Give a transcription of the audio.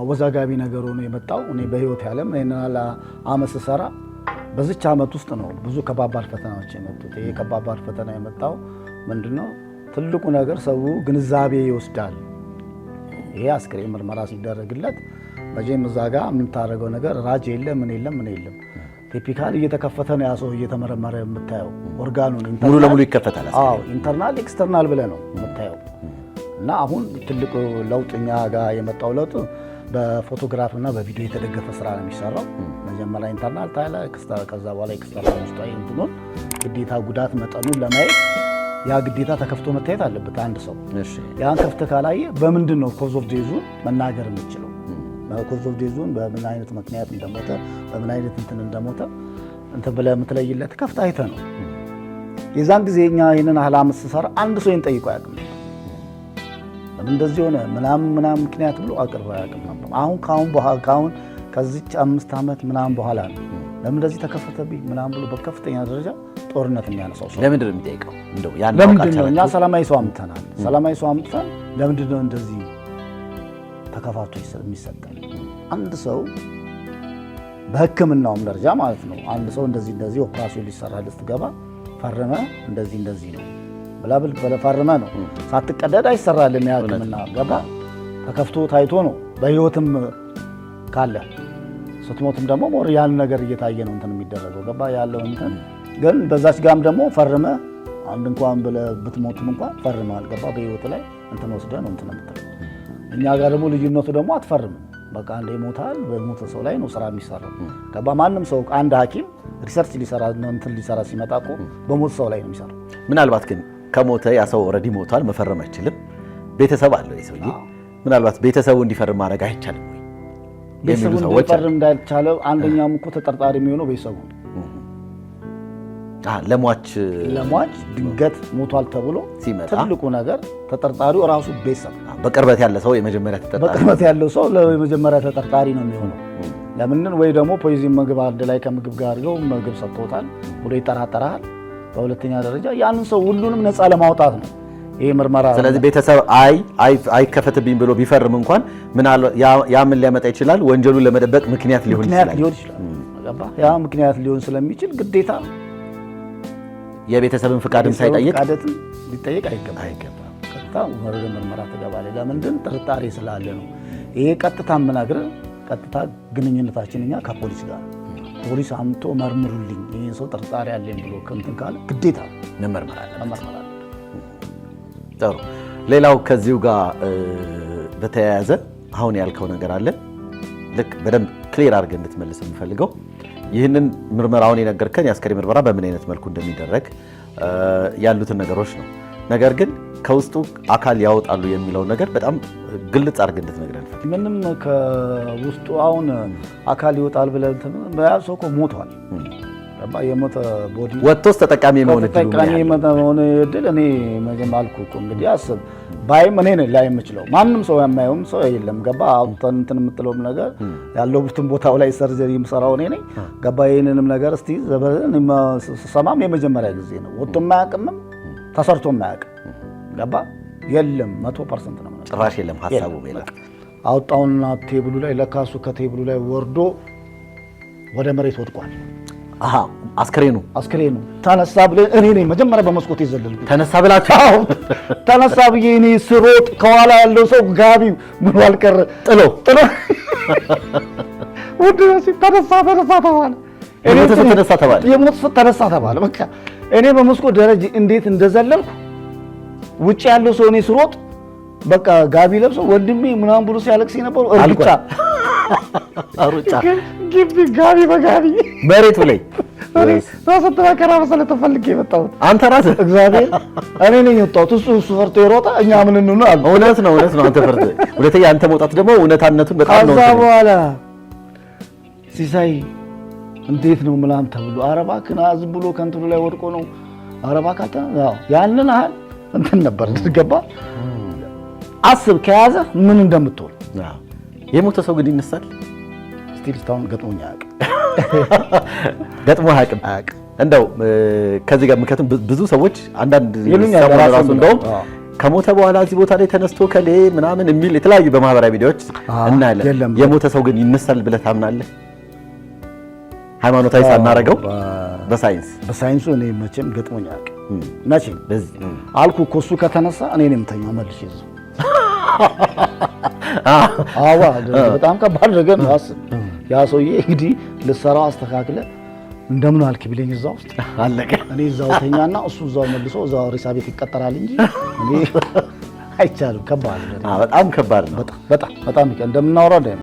አወዛጋቢ ነገር ሆኖ የመጣው እኔ በህይወት ያለም ይህንን አመት ስሰራ በዚች አመት ውስጥ ነው ብዙ ከባባድ ፈተናዎች የመጡት። ይሄ ከባባድ ፈተና የመጣው ምንድነው? ትልቁ ነገር ሰው ግንዛቤ ይወስዳል። ይሄ አስክሬ ምርመራ ሲደረግለት መቼም እዛ ጋ የምታደርገው ነገር ራጅ የለ ምን የለም ምን የለም። ቲፒካል እየተከፈተ ነው ያ ሰው እየተመረመረ የምታየው ኦርጋኑን ሙሉ ለሙሉ ይከፈታል። ኢንተርናል ኤክስተርናል ብለህ ነው የምታየው። እና አሁን ትልቁ ለውጥ እኛ ጋ የመጣው ለውጥ በፎቶግራፍ እና በቪዲዮ የተደገፈ ስራ ነው የሚሰራው። መጀመሪያ ኢንተርናል ታይለ ከዛ በኋላ ኤክስተርናል ውስጣዊ እንትኑን ግዴታ ጉዳት መጠኑን ለማየት ያ ግዴታ ተከፍቶ መታየት አለበት። አንድ ሰው ያን ከፍተ ካላየ በምንድን ነው ኮዝ ኦፍ ዴዙን መናገር የምችለው? ኮዝ ኦፍ ዴዙን በምን አይነት ምክንያት እንደሞተ በምን አይነት እንትን እንደሞተ እንትን ብለህ የምትለይለት ከፍተ አይተህ ነው። የዛን ጊዜ እኛ ይህንን አህላም ምስሰራ አንድ ሰው ይህን ጠይቆ እንደዚህ ሆነ ምናምን ምናምን ምክንያት ብሎ አቅርበ አያውቅም ነበር። አሁን ከአሁን በኋላ ከአሁን ከዚች አምስት ዓመት ምናምን በኋላ ነው ለምን እንደዚህ ተከፈተብኝ ምናምን ብሎ በከፍተኛ ደረጃ ጦርነት የሚያነሳው ሰው ለምንድን ነው የሚጠይቀው? ለምንድን ነው እኛ ሰላማዊ ሰው አምጥተናል። ሰላማዊ ሰው አምጥተን ለምንድን ነው እንደዚህ ተከፋቶ የሚሰጠን? አንድ ሰው በሕክምናውም ደረጃ ማለት ነው አንድ ሰው እንደዚህ እንደዚህ ኦፕራሲዮን ሊሰራ ልስትገባ ፈረመ እንደዚህ እንደዚህ ነው ብላብል ፈርመ ነው ሳትቀደድ አይሰራልም። ያ ገባ ተከፍቶ ታይቶ ነው በህይወትም ካለ ስትሞትም ደግሞ ሞር ያን ነገር እየታየ ነው እንትን የሚደረገው ገባ ያለው እንትን ግን በዛች ጋም ደግሞ ፈርመ አንድ እንኳን ብለ ብትሞትም እንኳን ፈርመ አልገባ በህይወት ላይ እንትን ወስደ ነው እንትን የምትለው። እኛ ጋር ደግሞ ልዩነቱ ደግሞ አትፈርም በቃ አንድ ይሞታል። በሞተ ሰው ላይ ነው ስራ የሚሰራው ገባ። ማንም ሰው አንድ ሀኪም ሪሰርች ሊሰራ እንትን ሊሰራ ሲመጣ እኮ በሞት ሰው ላይ ነው የሚሰራው። ምናልባት ግን ከሞተ ያ ሰው ኦልሬዲ ሞቷል፣ መፈረም አይችልም። ቤተሰብ አለው የሰውዬ። ምናልባት ቤተሰቡ እንዲፈርም ማድረግ አይቻልም ወይ ቤተሰቡ እንዲፈርም እንዳልቻለው። አንደኛውም እኮ ተጠርጣሪ የሚሆነው ቤተሰቡ ለሟች ለሟች ድንገት ሞቷል ተብሎ ሲመጣ ትልቁ ነገር ተጠርጣሪው ራሱ ቤተሰብ፣ በቅርበት ያለ ሰው የመጀመሪያ ተጠርጣሪ፣ በቅርበት ያለው ሰው ለመጀመሪያ ተጠርጣሪ ነው የሚሆነው። ለምንን ወይ ደግሞ ፖይዚን ምግብ አንድ ላይ ከምግብ ጋር አድርገው ምግብ ሰጥቶታል ብሎ ይጠራጠራል። በሁለተኛ ደረጃ ያንን ሰው ሁሉንም ነፃ ለማውጣት ነው ይሄ ምርመራ። ስለዚህ ቤተሰብ አይ አይከፈትብኝ ብሎ ቢፈርም እንኳን ያ ምን ሊያመጣ ይችላል? ወንጀሉን ለመደበቅ ምክንያት ሊሆን ይችላል። ያ ምክንያት ሊሆን ስለሚችል ግዴታ የቤተሰብን ፍቃድም ሳይጠይቅ ሊጠየቅ አይገባም። ቀጥታ ምርመራ ትገባለህ። ለምንድን ጥርጣሬ ስላለ ነው። ይሄ ቀጥታ ምናግረ ቀጥታ ግንኙነታችን እኛ ከፖሊስ ጋር ፖሊስ አምጦ መርምሩልኝ ይህን ሰው ጥርጣሪ አለኝ ብሎ ከምትን ካለ ግዴታ መመርመር አለበት። ጥሩ። ሌላው ከዚሁ ጋር በተያያዘ አሁን ያልከው ነገር አለ። ልክ በደንብ ክሊር አድርገህ እንድትመልስ የምፈልገው ይህንን ምርመራውን የነገርከን የአስከሬን ምርመራ በምን አይነት መልኩ እንደሚደረግ ያሉትን ነገሮች ነው። ነገር ግን ከውስጡ አካል ያወጣሉ የሚለውን ነገር በጣም ግልጽ አድርገህ እንድትነግረ ምንም ከውስጡ አሁን አካል ይወጣል ብለህ እንትን በያዝ ሰው እኮ ሞቷል። የሞተ ቦዲ ወጥቶስ ተጠቃሚ የመሆን እድል ተጠቃሚ የመሆን እድል እኔ መጀመሪያ አልኩህ እኮ እንግዲህ አስብ ባይም እኔ ላይ የምችለው ማንም ሰው የማየውም ሰው የለም። ገባ አውጥተን እንትን የምትለውም ነገር ያለሁበትን ቦታው ላይ ሰርጀሪ የምሰራው እኔ ነኝ። ገባ ይህንንም ነገር እስቲ ሰማም የመጀመሪያ ጊዜ ነው። ወጥቶ የማያውቅምም ተሰርቶ የማያውቅም ገባ የለም። መቶ ፐርሰንት ነው ጭራሽ የለም ሀሳቡ አወጣውና ቴብሉ ላይ ለካሱ ከቴብሉ ላይ ወርዶ ወደ መሬት ወድቋል። አስክሬኑ አስክሬኑ ተነሳ ብለ እኔ ነኝ መጀመሪያ በመስኮት ይዘልል ተነሳ ብላችሁ? ተነሳ ብዬ እኔ ስሮጥ ከኋላ ያለው ሰው ጋቢ ምን አልቀረ ጥሎ ጥሎ ወደ ተነሳ ተነሳ ተባለ። እኔ ተነሳ ተባለ። የሞት ፍት ተነሳ ተባለ። በቃ እኔ በመስኮት ደረጃ እንዴት እንደዘለልኩ ውጭ ያለው ሰው እኔ ስሮጥ በቃ ጋቢ ለብሰው ወንድሜ ምናምን ብሎ ሲያለቅስ የነበሩ ሩጫ ሩጫ ግቢ ጋቢ በጋቢ መሬቱ ላይ ራሰተናከራ መሰለህ ተፈልጌ የመጣሁት አንተ ራስህ እግዚአብሔር እኔ ነኝ የወጣሁት። እሱ እሱ ፈርቶ የሮጠ እኛ ምን እንሆን አሉ። እውነት ነው እውነት ነው። አንተ ፈርቶ ሁለተኛ አንተ መውጣት ደግሞ እውነታነቱን በጣም ነው። ከዛ በኋላ ሲሳይ እንዴት ነው ምላም ተብሎ አረባ እባክህን ዝም ብሎ ከእንትኑ ላይ ወድቆ ነው ኧረ እባክህ ያንን ያህል እንትን ነበር ገባ አስብ ከያዘ ምን እንደምትሆን። የሞተ ሰው ግን ይነሳል። ስቲል እስካሁን ገጥሞኝ አያውቅም። ገጥሞ አያውቅም አያውቅም። እንደው ከዚህ ጋር ምክንያቱም ብዙ ሰዎች አንዳንድ ራሱ እንደውም ከሞተ በኋላ እዚህ ቦታ ላይ ተነስቶ ከሌ ምናምን የሚል የተለያዩ በማህበራዊ ሚዲያዎች እናያለን። የሞተ ሰው ግን ይነሳል ብለህ ታምናለህ? ሃይማኖታዊ ሳናረገው በሳይንስ በሳይንሱ እኔ መቼም ገጥሞኝ አያውቅም። መቼም አልኩ እኮ እሱ ከተነሳ እኔ ነው የምተኛው መልሼ እዛው አዋ በጣም ከባድ ነገር ነው። አስብ ያ ሰውዬ እንግዲህ ልሰራው አስተካክለ እንደምን አልክ ቢለኝ እዛ ውስጥ አለቀ። እኔ እዛው ተኛና እሱ እዛው መልሶ እዛው ሬሳ ቤት ይቀጠራል እንጂ እኔ አይቻልም። ከባድ ነው፣ በጣም ከባድ ነው። በጣም በጣም እንደምናወራው